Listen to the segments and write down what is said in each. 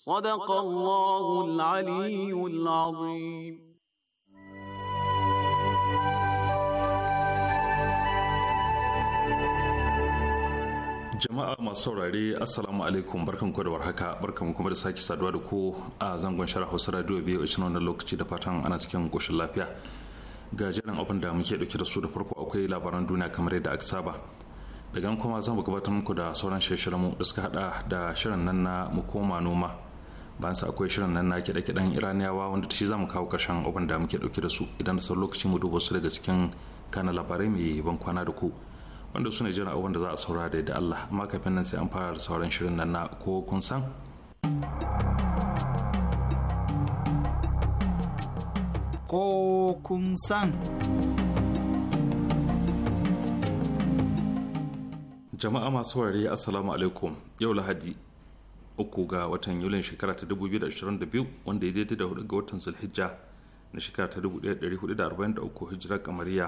صدق الله العلي العظيم jama'a masu saurare assalamu alaikum barkan da warhaka barkan kuma da sake saduwa da ku a zangon shara hausa radio biyu a wannan lokaci da fatan ana cikin koshin lafiya ga jerin abin da muke dauke da su da farko akwai labaran duniya kamar yadda aka saba daga kuma zan gabatar muku da sauran shirye mu da suka hada da shirin nan na mu koma noma bayan sa akwai shirin nan na kiɗe-kiɗen iraniyawa wanda ta shi zamu kawo ƙarshen abin da muke ɗauke da su idan da sauran lokaci mu duba su daga cikin kana labarai mai ban kwana da ku wanda su ne jiran abin da za a saura da Allah amma kafin nan sai an fara da sauran shirin nan na ko kun san ko kun san jama'a masu wari assalamu alaikum yau lahadi uku ga watan yulin shekara ta 2022 wanda ya daidai da hudu ga watan zulhijja na shekara ta 1443 hijirar kamariya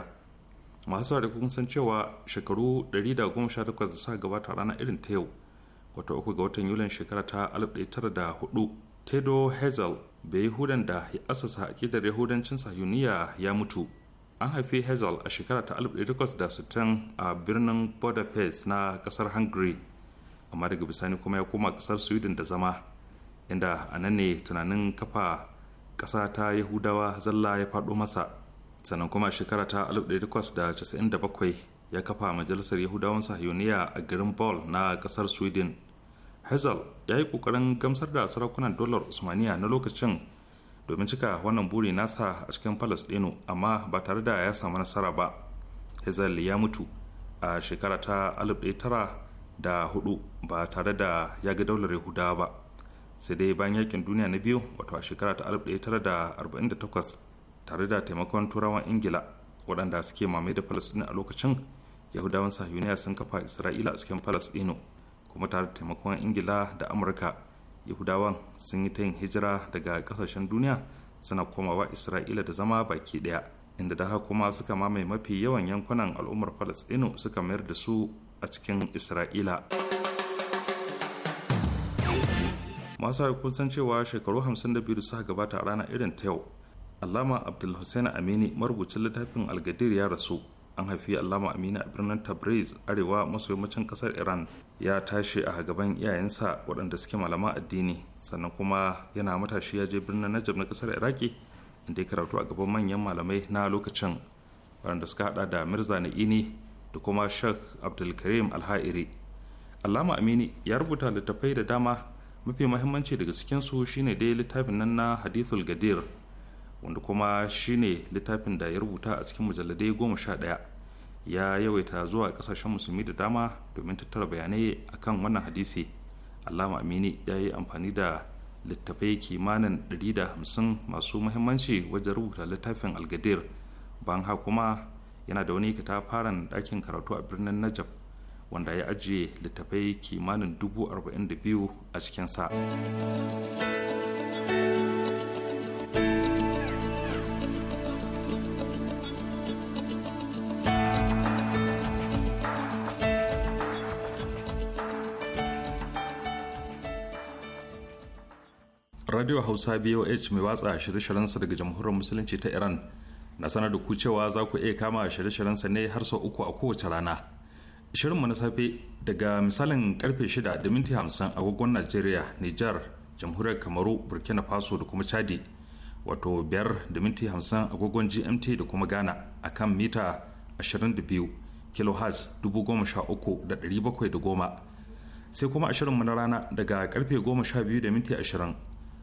masu da kun san cewa shekaru 118 da suka gabata rana irin ta yau wata uku ga watan yulin shekara ta 1904 tedo hazel bai yahudan da ya asasa akidar yahudancin sahuniya ya mutu an haifi hazel a shekara ta 1860 a birnin budapest na kasar hungary amma daga bisani kuma ya koma kasar sweden da zama inda a nan ne tunanin kafa ƙasa ta yahudawa zalla ya faɗo masa sannan kuma shekara ta 1897 ya kafa majalisar yahudawan sahiyoniya a garin ball na kasar sweden hazel ya yi ƙoƙarin gamsar da sarakunan dollar usmaniya na lokacin domin cika wannan buri nasa a cikin dino amma ba tare da ya samu nasara ba hazel ya mutu a shekara ta da hudu ba tare da ya ga daular yahudawa ba sai dai bayan yakin duniya na biyu wato a shekara ta 1948 tare da taimakon turawan ingila waɗanda suke mamaye da falasɗina a lokacin yahudawan sahiyuniya sun kafa isra'ila a cikin kuma tare da taimakon ingila da amurka yahudawan sun yi ta yin hijira daga kasashen duniya suna komawa isra'ila da zama baki ɗaya inda da haka kuma suka mamaye mafi yawan yankunan al'ummar falasɗino suka mayar da su a cikin isra'ila masu kun san cewa shekaru 52 da suka gabata a rana irin ta yau allama abdulhussein amini marubucin littafin algadir ya rasu an haifi allama amini a birnin tabriz arewa maso yammacin kasar iran ya tashi a gaban iyayensa waɗanda suke malama addini sannan kuma yana matashi ya je birnin najab na kasar iraki inda ya karatu a gaban manyan malamai na lokacin waɗanda suka haɗa da mirza na'ini da kuma sheikh abdulkarim alha'iri allama amini ya rubuta littattafai da dama mafi mahimmanci daga su shine dai littafin nan na hadithul gadir wanda kuma shine littafin da ya rubuta a cikin mujalladai goma sha ɗaya ya yawaita zuwa ƙasashen musulmi da dama domin tattara bayanai akan wannan hadisi alama amini ya yi amfani da littafai kimanin hamsin masu mahimmanci wajen rubuta littafin algadir ban ha kuma yana da wani katafaren ɗakin karatu a birnin najaf wanda ya ajiye littafai kimanin dubu arba'in da biyu a cikinsa radio hausa boh mai watsa shirye-shiryensa daga jamhuriyar musulunci ta iran na sanar da ku cewa za ku iya kama shirye-shiryen sa ne har sau uku a kowace rana shirinmu na safe daga misalin karfe 6 da minti 50 agogon najeriya niger jamhuriyar kamaru burkina faso da kuma chadi wato 5 da minti 50 agogon gmt da kuma ghana a kan mita 22 kilohertz 13710 sai kuma a shirinmu na rana daga karfe 12 da minti 20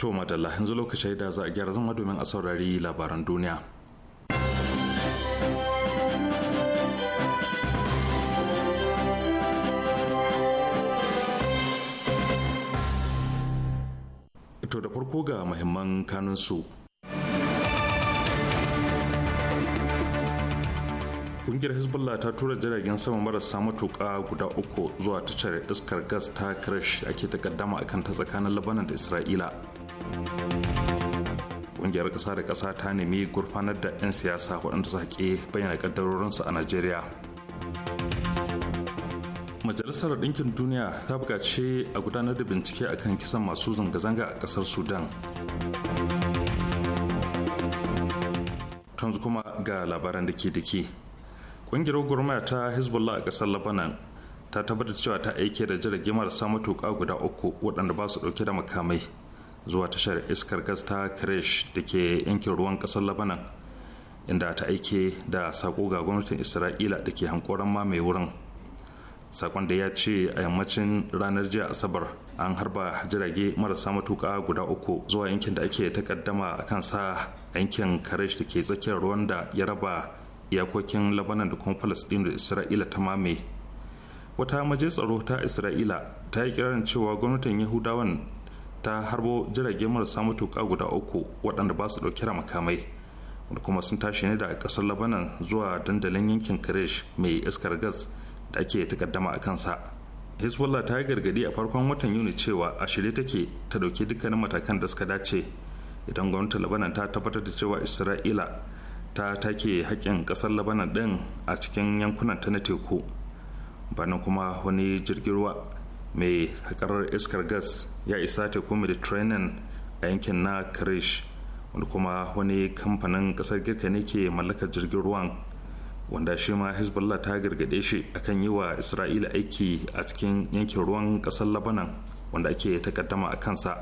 To madalla yanzu lokacin da za a gyara zama domin a saurari labaran duniya. To da farko ga muhimman kanunsu. Ƙungiyar Hezbollah ta tura jiragen sama marasa matuƙa guda uku zuwa tashar iskar gas ta Kirish ake takaddama akan ta tsakanin Labanan da Isra'ila. kungiyar ƙasa da ƙasa ta nemi gurfanar da 'yan siyasa waɗanda su haƙe bayyana ƙaddarorinsu a najeriya majalisar ɗinkin duniya ta buƙaci a gudanar da bincike akan kisan masu zanga-zanga a ƙasar sudan tanzu kuma ga labaran da ke da ke ƙungiyar gwamnati ta hezbollah a ƙasar lebanon ta tabbatar cewa ta aike da jirage marasa matuƙa guda uku waɗanda ba su ɗauke da makamai zuwa tashar iskar gas ta kresh da ke yankin ruwan kasar labanan inda ta aike da sako ga gwamnatin isra'ila da ke hankoran mamaye wurin sakon da ya ce a yammacin ranar jiya asabar an harba jirage marasa matuka guda uku zuwa yankin da ake takaddama a sa yankin karesh da ke tsakiyar ruwan da ya raba iyakokin labanan da kuma palestine da isra'ila ta mame wata maje tsaro ta isra'ila ta yi kirarin cewa gwamnatin yahudawan ta harbo jirage marasa matuƙa guda uku waɗanda ba su ɗauki da makamai wanda kuma sun tashi ne da ƙasar labanan zuwa dandalin yankin kirish mai iskar gas da ake takaddama a kansa hezbollah ta yi gargadi a farkon watan yuni cewa a shirye take ta ɗauki dukkanin matakan da suka dace idan gwamnatin labanan ta tabbatar da cewa isra'ila ta take haƙƙin ƙasar labanan ɗin a cikin yankunan ta na teku banan kuma wani jirgin ruwa mai haƙarar iskar gas ya isa teku mediterranean a yankin na karish wanda kuma wani kamfanin kasar girka ne ke mallakar jirgin ruwan wanda shi ma hezbollah ta gargade shi akan yi wa isra'ila aiki a cikin yankin ruwan kasar labanan wanda ake takaddama a kansa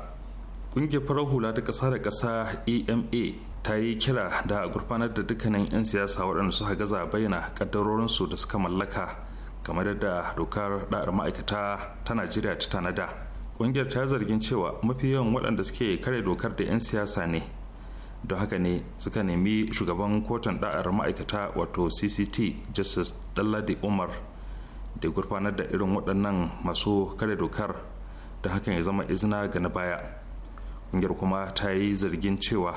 ƙungiyar farar hula ta kasa da kasa ema ta yi kira da gurfanar da dukkanin 'yan siyasa waɗanda suka gaza bayyana ƙaddarorinsu da suka mallaka kamar yadda dokar da'ar ma'aikata ta najeriya ta tanada ƙungiyar ta zargin cewa mafi yawan waɗanda suke kare dokar da 'yan siyasa ne don haka ne suka nemi shugaban kotun da'ar ma'aikata wato cct justice dalladi umar da gurfanar da irin waɗannan masu kare dokar da hakan ya zama izina ga na baya ƙungiyar kuma ta yi zargin cewa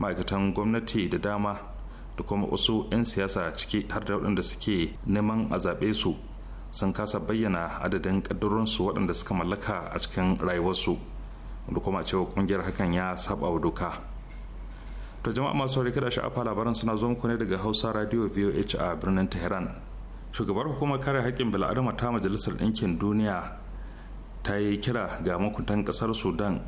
ma'aikatan gwamnati da dama da kuma wasu 'yan siyasa ciki har da waɗanda suke neman a zaɓe su sun kasa bayyana adadin ƙaddarorinsu waɗanda suka mallaka a cikin rayuwarsu da kuma cewa ƙungiyar hakan ya saba wa doka to jama'a masu rike kada sha'afa labaran suna zo muku ne daga hausa radio voh a birnin tehran shugabar hukumar kare haƙƙin bil'adama ta majalisar ɗinkin duniya ta yi kira ga makuntan ƙasar sudan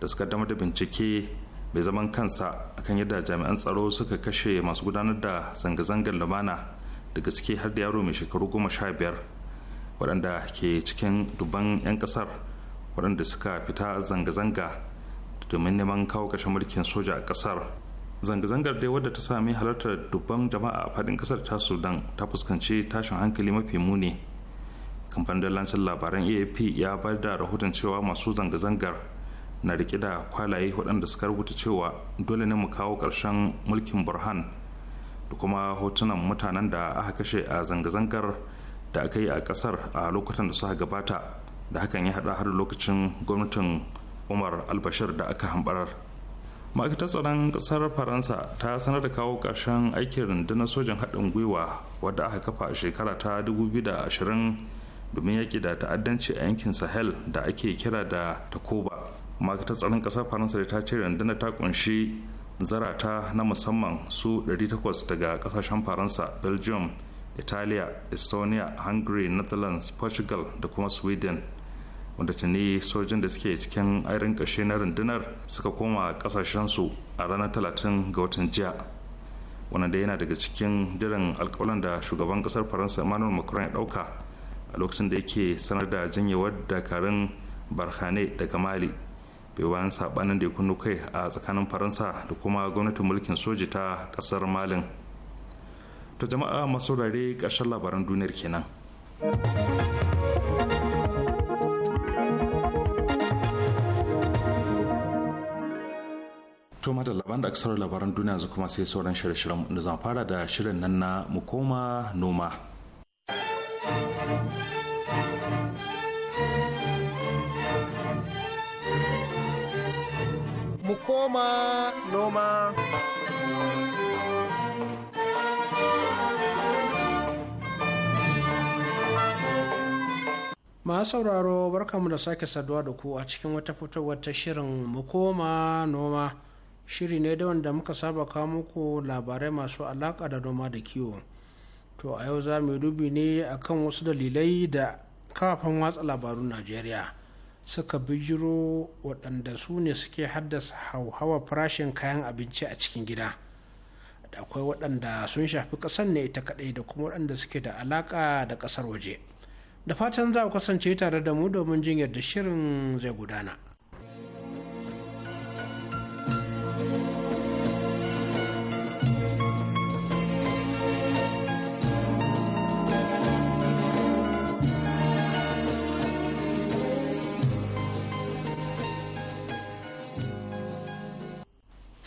da suka dama da bincike mai zaman kansa akan yadda jami'an tsaro suka kashe masu gudanar da zanga-zangar lumana daga ciki har da yaro mai shekaru goma sha biyar waɗanda ke cikin dubban 'yan ƙasar waɗanda suka fita zanga-zanga domin neman kawo ƙarshen mulkin soja a ƙasar zanga-zangar dai wadda ta sami halartar dubban jama'a a faɗin ƙasar ta sudan ta fuskanci tashin hankali mafi muni kamfanin dalancin labaran aap ya bayar da rahoton cewa masu zanga-zangar na rike da kwalaye waɗanda suka rubuta cewa dole ne mu kawo ƙarshen mulkin burhan da kuma hotunan mutanen da aka kashe a zanga-zangar da aka yi a ƙasar a lokutan da suka gabata da hakan ya haɗa har lokacin gwamnatin umar albashir da aka hambarar ma'aikatar tsaron ƙasar faransa ta sanar da kawo ƙarshen aikin rundunar sojan haɗin gwiwa wadda aka kafa a shekara ta 2020 domin yaƙi da ta'addanci a yankin sahel da ake kira da takoba ma'aikatar tsaron ƙasar faransa da ta ce rundunar ta kunshi zarata na musamman su 800 daga ƙasashen faransa belgium italiya estonia hungary netherlands portugal da kuma sweden wanda tuni sojin da suke cikin airin ƙashe na rundunar suka koma ƙasashensu a ranar 30 ga watan jiya wannan da yana daga cikin jiran alkawalan da shugaban kasar faransa emmanuel macron ya ɗauka a lokacin da yake sanar da janyewar dakarun barhane daga mali bai bayan sabanin da kunu kai a tsakanin faransa da kuma gwamnatin mulkin soji ta kasar malin ta jama'a masu rare ƙarshen labaran duniyar kenan to da labaran da aksarar labaran duniya zuwa kuma sai sauran shirye-shiryen da zan fara da shirin nan na mu koma noma Noma noma. masu sauraro barkamu da sake saduwa da ku a cikin wata fitowar ta shirin mu noma shiri ne da wanda muka saba kawo muku labarai masu alaƙa da noma da kiwo to a yau za mu dubi ne akan wasu dalilai da kafin watsa labarun najeriya suka bijiro waɗanda su ne suke haddasa hauhawa farashin kayan abinci a cikin gida da akwai waɗanda sun shafi ƙasar ne ita kaɗai da kuma waɗanda suke da alaƙa da ƙasar waje da fatan za ku kasance tare da mu domin jin yadda shirin zai gudana.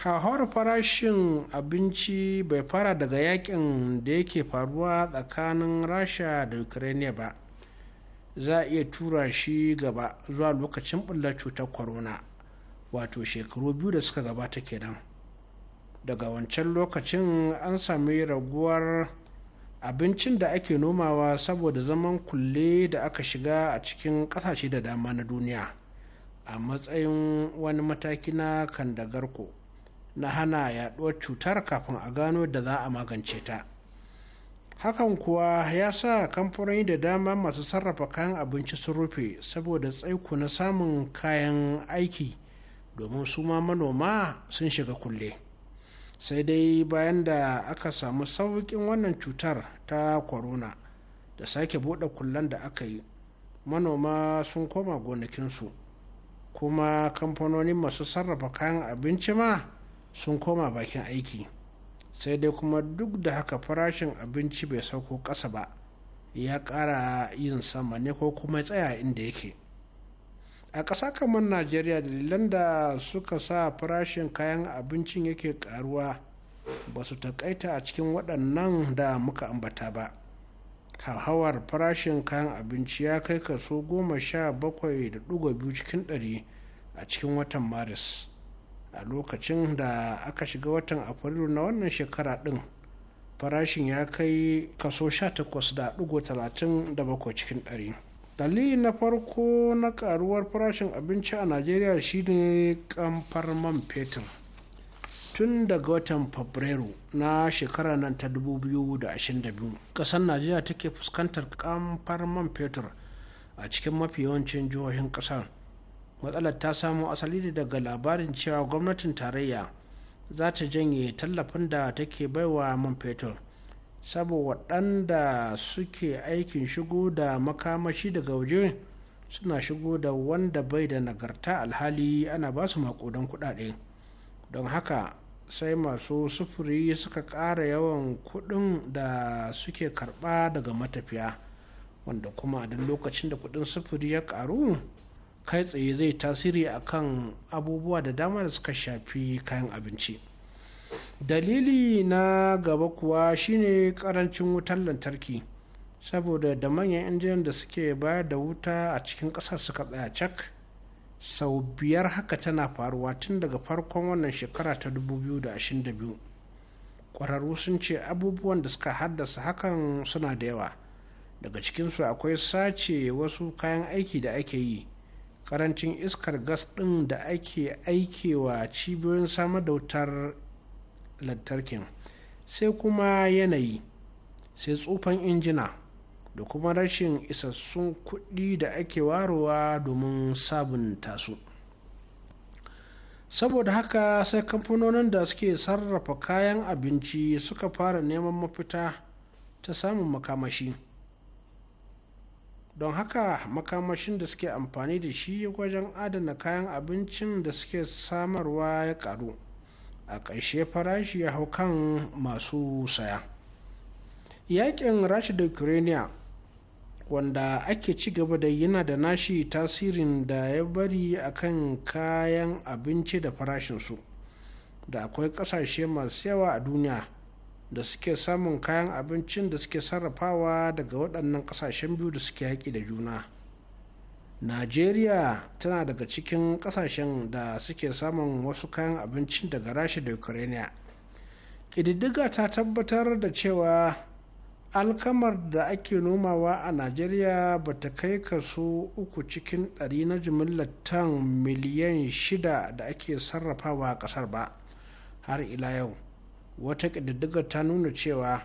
hauhawar farashin abinci bai fara daga yakin da yake faruwa tsakanin rasha da ukraine ba za a iya tura shi gaba zuwa lokacin bullar cutar corona wato shekaru biyu da suka gabata kenan daga wancan lokacin an sami raguwar abincin da ake nomawa saboda zaman kulle da aka shiga a cikin kasashe da dama na duniya a matsayin wani mataki na kandagarko na hana yaduwar cutar kafin a gano da za a magance ta hakan kuwa ya sa kamfanoni da dama masu sarrafa kayan abinci sun rufe saboda tsaiku na samun kayan aiki domin su ma manoma sun shiga kulle sai dai bayan da aka samu sauƙin wannan cutar ta corona da sake buɗe kullen da aka yi manoma sun koma gonakinsu kuma kamfanoni masu sarrafa kayan abinci ma sun koma bakin aiki sai dai kuma duk da haka farashin abinci bai sauko ƙasa ba ya ƙara yin sama ne ko kuma tsaya inda yake a ƙasa kamar najeriya dalilan da suka sa farashin kayan abincin yake ƙaruwa ba su taƙaita a cikin waɗannan da muka ambata ba hauhawar farashin kayan abinci ya kai kaso goma sha bakwai da biyu cikin ɗari a cikin watan maris a lokacin da aka shiga watan afrilu na wannan shekara din farashin ya kai kaso 18.37 cikin ɗari. dalili na farko na karuwar farashin abinci a najeriya shine kamfar man fetur tun daga watan fabrairu na shekara nan ta 2022 ƙasar najeriya take fuskantar kamfar man fetur a cikin mafi yawancin jihohin ƙasar matsalar ta samo asali ne daga labarin cewa gwamnatin tarayya za ta janye tallafin da take baiwa man fetur saboda waɗanda suke aikin shigo da makamashi daga waje suna shigo da wanda bai da nagarta alhali ana ba su makudan kuɗaɗe don haka sai masu sufuri suka ƙara yawan kuɗin da suke karɓa daga matafiya wanda kuma a duk lokacin da kuɗin sufuri ya ƙaru kai tsaye zai tasiri akan abubuwa da dama da suka shafi kayan abinci dalili na gaba kuwa shine karancin wutar lantarki saboda da manyan injiniyan da suke bayar da wuta a cikin ƙasar suka tsaya cak sau biyar haka tana faruwa tun daga farkon wannan shekara ta 2022 ƙwararru sun ce abubuwan da suka haddasa hakan suna da yawa daga cikinsu akwai sace wasu kayan aiki da ake yi karancin iskar gas ɗin da ake aikewa cibiyoyin samar da wutar lantarkin sai kuma yanayi sai tsufan injina da kuma rashin isassun kuɗi da ake warowa domin sabunta su saboda haka sai kamfanonin da suke sarrafa kayan abinci suka fara neman mafita ta samun makamashi don haka makamashin da suke amfani da shi wajen adana kayan abincin da suke samarwa ya karu a ƙarshe farashi ya hau kan masu saya yakin rashi da ukraine wanda ake ci gaba da yana da nashi tasirin da ya bari a kan kayan abinci da farashinsu da akwai ƙasashe masu yawa a duniya da suke samun kayan abincin da suke sarrafawa daga waɗannan ƙasashen biyu da suke haƙi da juna najeriya tana daga cikin ƙasashen da suke samun wasu kayan abincin daga rasha da ukraine ƙididdiga ta tabbatar da cewa alkamar da ake nomawa a najeriya ba ta kai kaso uku cikin ɗari na jimillar tan miliyan shida da ake sarrafawa a ƙasar ba har ila yau wata ƙididdiga ta nuna cewa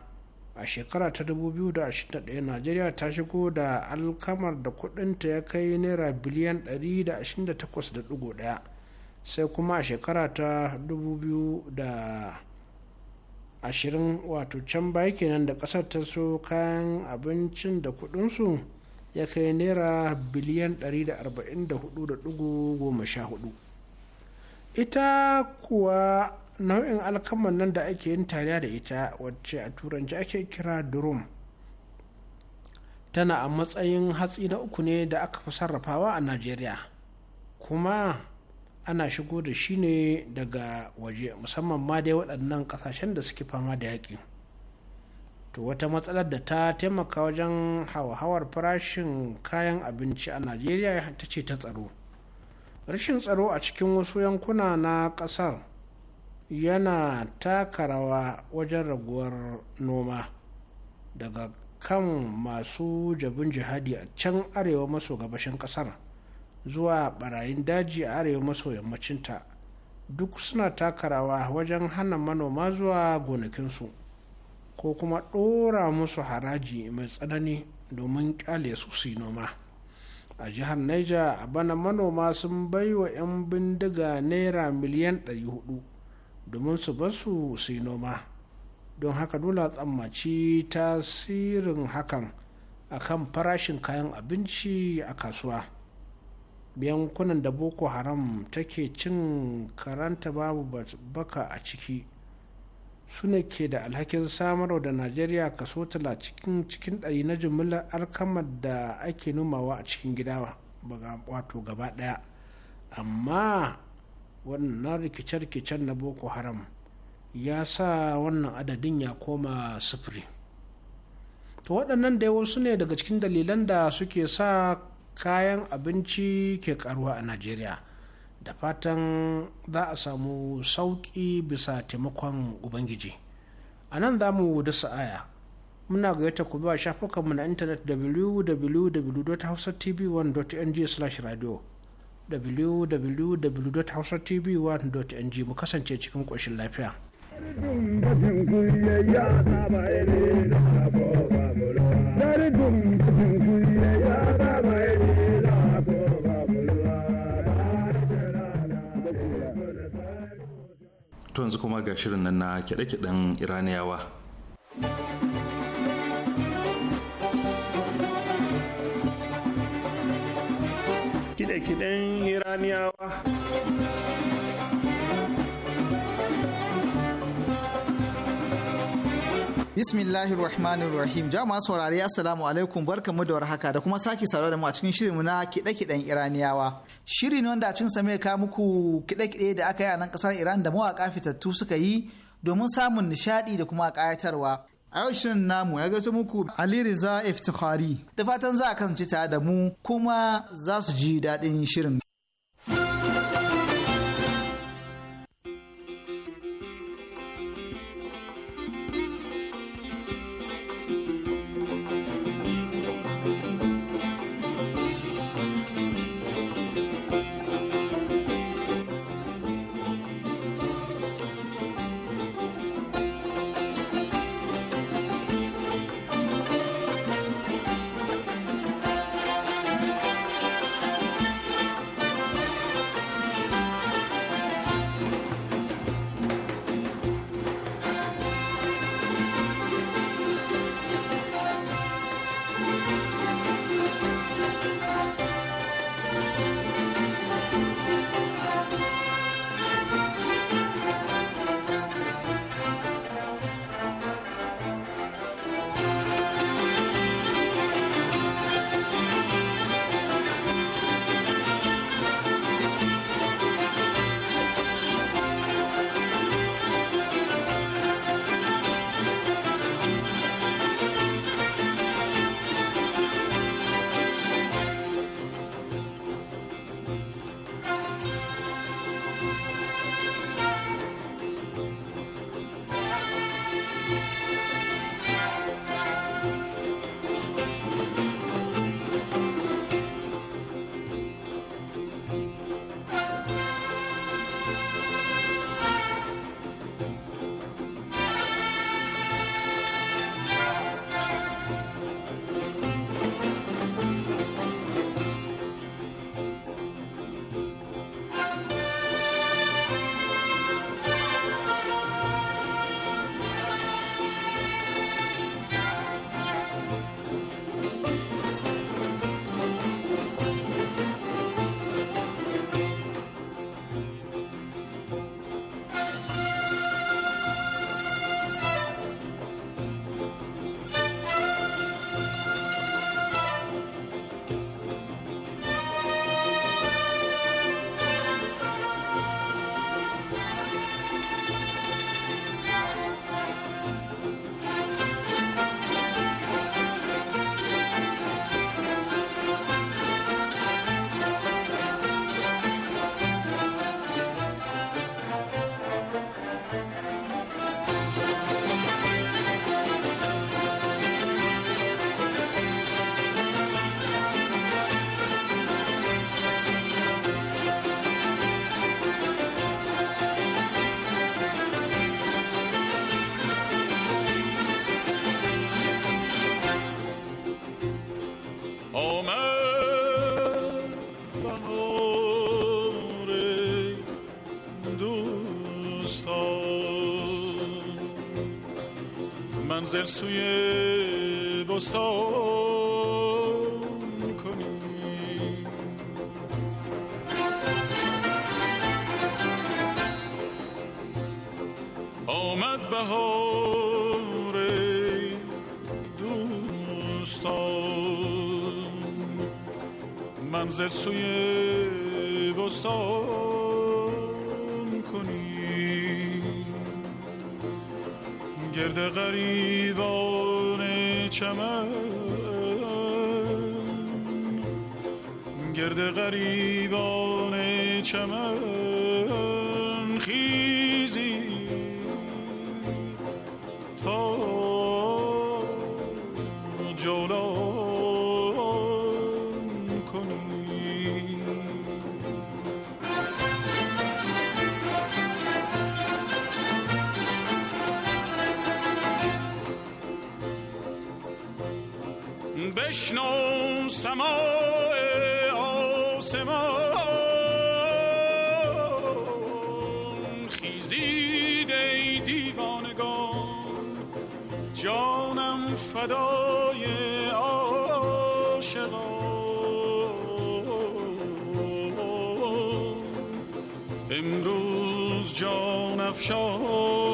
a shekara ta 2021 najeriya ta shigo da alkamar da kudinta ya kai naira biliyan 128.1 sai kuma a shekara ta 2020 wato can baya kenan da ƙasar ta so kayan abincin da kudinsu ya kai naira biliyan 144.14 ita kuwa nau'in alkaman nan da ake yin taliya da ita wacce a turanci ake kira durum tana a matsayin hatsi na uku ne da aka fi sarrafawa a najeriya kuma ana shigo da shi ne daga waje musamman ma dai waɗannan ƙasashen da suke fama da yaƙi to wata matsalar da ta taimaka wajen hauhawar farashin kayan abinci a najeriya ta ce ta tsaro rashin tsaro a cikin wasu yankuna na ƙasar yana taka rawa wajen raguwar noma daga kan masu jabin jihadi a can arewa maso gabashin kasar zuwa barayin daji a arewa maso yammacinta duk suna taka rawa wajen hana manoma zuwa gonakinsu ko kuma ɗora musu haraji mai tsanani domin ƙyale su su noma a jihar niger a bana manoma sun baiwa 'yan bindiga naira miliyan 400 domin su basu su yi noma don haka dole tsammaci tasirin hakan a kan farashin kayan abinci a kasuwa yankunan da boko haram take cin karanta babu baka a ciki su ne ke da alhakin samarwa da najeriya kaso 30 cikin cikin ɗari na jumlar alkamar da ake numawa a cikin gida wato gaba ɗaya amma wannan rikice-rikicen na boko haram ya sa wannan adadin ya koma sufuri. to waɗannan da wasu ne daga cikin dalilan da suke sa kayan abinci ke karuwa a najeriya da fatan za a samu sauƙi bisa taimakon ubangiji a nan za mu da sa'aya muna gayyata ku zuwa shafukanmu na intanet www.hausatv1.ng/radio www.hausatv1.ng mu kasance cikin ƙoshin lafiya. To yanzu kuma ga shirin nan na kiɗe-kiɗen Iraniyawa. kide-kiden iraniyawa Bismillahir Rahmanir Rahim. Jama'a saurare Assalamu alaikum barkamu da warhaka da kuma sake saurare da mu a cikin shirinmu na kide-kiden Iraniyawa. Shiri ne wanda a cikin sa ka muku kiɗe-kiɗe da aka yi a nan kasar Iran da mawaka fitattu suka yi domin samun nishaɗi da kuma ƙayatarwa. a yau shirin namu ya gaisu muku Ali Riza Iftikhari da fatan za a kasance tare da mu kuma za su ji daɗin shirin. منزل سوی بستان کنی آمد بهار منزل سوی بستان کنی گرد غریبان چمن گرد غریبان چمن بشنو سماع آسمان خیزید ای دیوانگان جانم فدای آشقان امروز جان افشان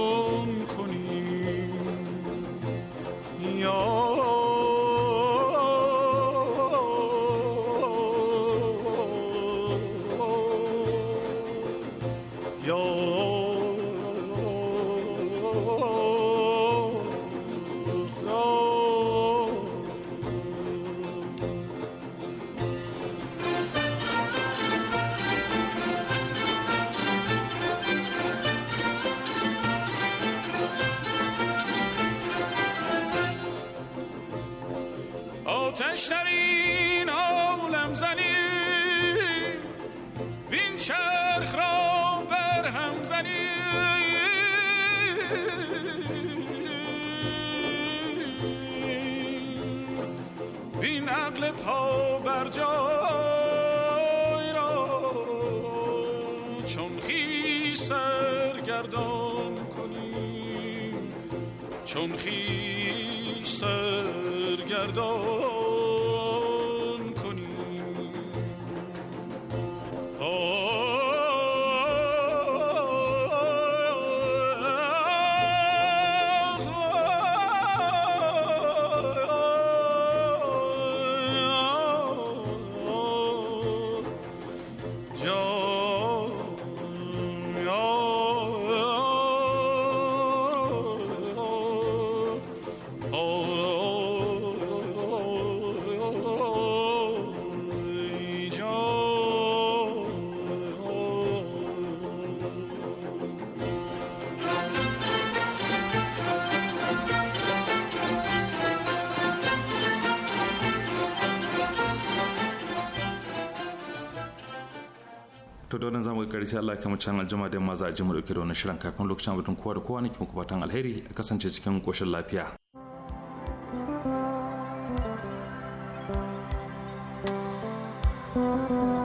چون خیش سرگردان da zamu ga karshe Allah kamar can aljima da maza a ji mu dauke da wani shirin kafin lokacin abin kowa da kowa nake muku fatan alheri a kasance cikin koshin lafiya thank you